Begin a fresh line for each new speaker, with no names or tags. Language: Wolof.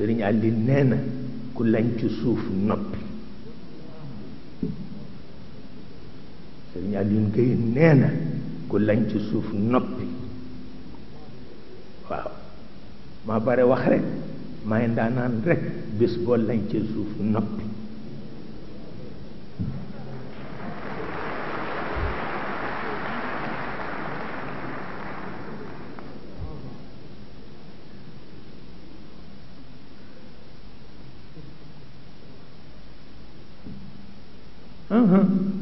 sëriñ Aliou nee na ku lañ ci suuf noppi sëriñ Aliou Gueye nee na ku lañ ci suuf noppi waaw maa bare wax rek ngi ndaanaan rekk bés boo lañ ci suuf noppi
Uh-huh.